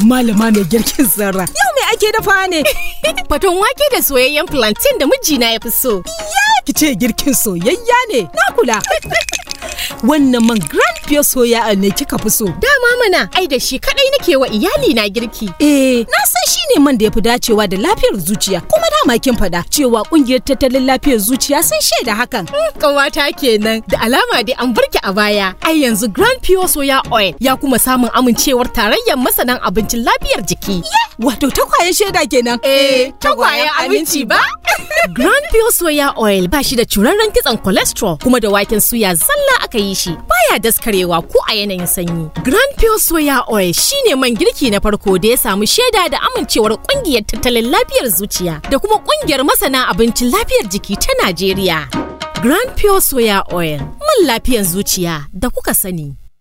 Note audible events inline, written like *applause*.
Malama mai girkin zarra. Yau me ake dafa ne? *laughs* Faton wake da soyayyen plantain da mijina ya fi so. ya Ki ce girkin soyayya ne? Na kula. *laughs* Wannan man fiye soya ne kika fi so. Dama mana ai da shi kaɗai nake wa iyali na girki. Eh, na san shi ne man da ya fi dacewa da lafiyar zuciya. Kuma dama kin faɗa cewa ƙungiyar tattalin lafiyar zuciya sun shaida hakan. Kawata hmm, kenan da alama dai an burke a baya. Ai yanzu Grand Pure Soya Oil ya kuma samun amincewar tarayyar masanan abincin lafiyar jiki. Wato kwaye shaida kenan. Eh, kwaye eh, aminci ba? *laughs* Grand Pure Soya Oil ba shi da curarren kitsen cholesterol kuma da waken suya zalla aka yi shi baya daskarewa ko a yanayin sanyi. Grand Pure Soya Oil shi ne man girki na farko da ya samu shaida da amincewar kungiyar tattalin lafiyar zuciya da kuma kungiyar masana abincin lafiyar jiki ta Najeriya. Grand Pure Soya Oil, man lafiyar zuciya da kuka sani.